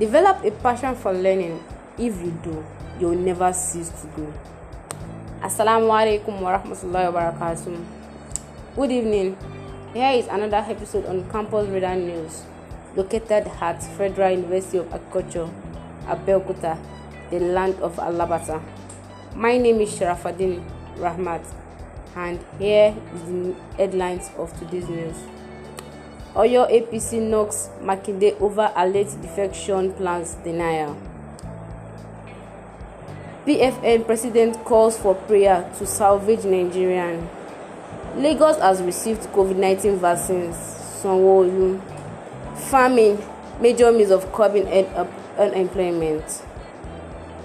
Develop a passion for learning. If you do, you'll never cease to grow. Assalamu alaikum wa rahmatullahi wa barakatuh. Good evening. Here is another episode on Campus Radar News, located at Federal University of Agriculture, Abeokuta, the land of Alabata. My name is Sharafadin Rahmat, and here is the headlines of today's news. Oyo APC knocks Makinde over alleged defection plans denial. PFN president calls for prayer to salvage Nigerian. Lagos has received COVID 19 vaccines. Sanwo-Olu. major means of curbing unemployment.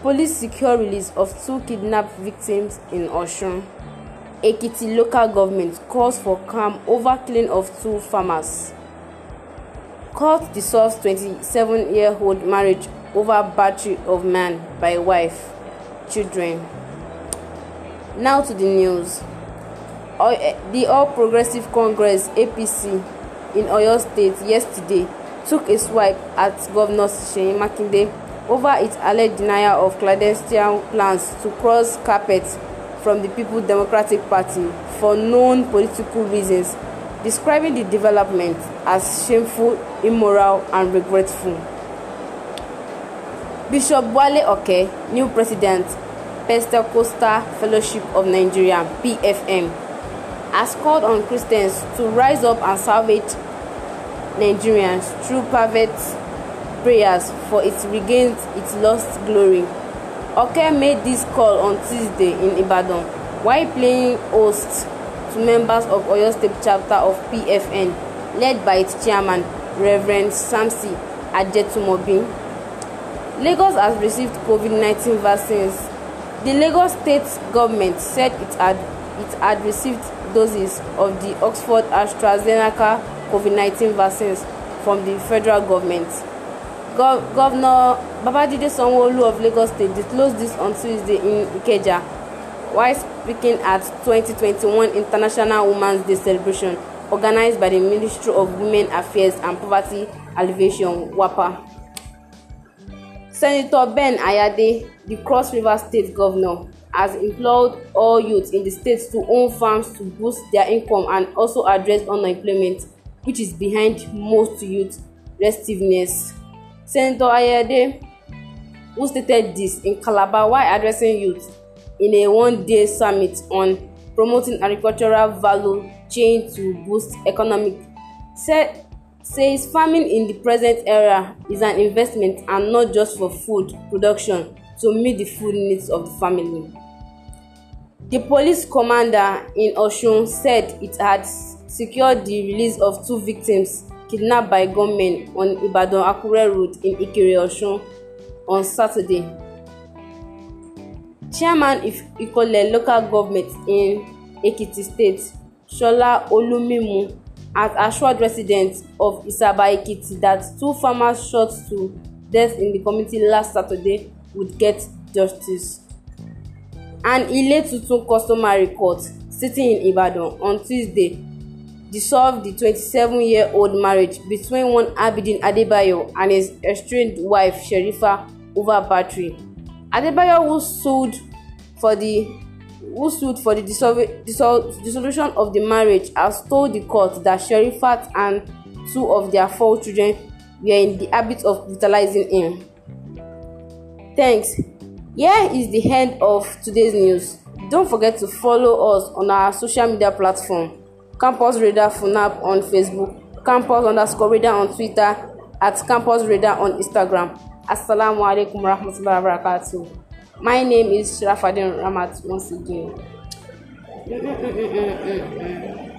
Police secure release of two kidnapped victims in Osun. Ekiti local government calls for calm over killing of two farmers. Court dissolves 27 year old marriage over battery of man by wife, children. Now to the news. Eh, the All Progressive Congress APC in Oyo State yesterday took a swipe at Governor Sheyi Makinde over its alleged denial of clandestine plans to cross carpet from the People Democratic Party for known political reasons describing the development as shameful, immoral, and regretful. Bishop Wale Oke, new president, Pentecostal Fellowship of Nigeria (PFM), has called on Christians to rise up and salvage Nigerians through private prayers for its regains its lost glory. Oke made this call on Tuesday in Ibadan while playing host to members of Oyo State Chapter of PFN, led by its chairman, Reverend Samsi Ajetumobin. Lagos has received COVID-19 vaccines. The Lagos state government said it had, it had received doses of the Oxford AstraZeneca COVID-19 vaccines from the federal government. Gov Governor Babajide Sanwo-Olu of Lagos State disclosed this on Tuesday in Ikeja while speaking at 2021 International Women's Day celebration organized by the Ministry of Women Affairs and Poverty Alleviation WAPA. Senator Ben Ayade, the Cross River State Governor, has implored all youths in the state to own farms to boost their income and also address unemployment, which is behind most youth restiveness. Senator Ayade, who stated this in Calabar while addressing youth in a one-day summit on promoting agricultural value chain to boost economic say, says farming in the present era is an investment and not just for food production to meet the food needs of the family. The police commander in Oshun said it had secured the release of two victims kidnapped by gunmen on Ibadan-Akure road in Ikere Oshun on Saturday chairman ikole local government in ekiti state shola olumimu has assured residents of isaba ekiti that two farmers shot to death in the community last saturday would get justice an ile tuntun customary court sitting in ibadan on tuesday dissolved the twenty-seven-year-old marriage between one abidin adebayo and his estranged wife sherifa over battery Adebayo, who sued for the who sued for the dissol- dissolution of the marriage, has told the court that Sherifat and two of their four children were in the habit of brutalizing him. Thanks. Here is the end of today's news. Don't forget to follow us on our social media platform Campus Radar FUNAB on Facebook, Campus underscore Radar on Twitter, at Campus Radar on Instagram. Assalamu alaikum warahmatullahi wabarakatuh. My name is Sharafadin Ramat once again. Mm -mm -mm